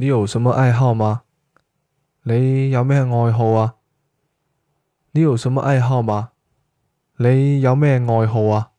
你有什麼愛好嗎？你有咩愛好啊？你有什麼愛好嗎？你有咩愛好啊？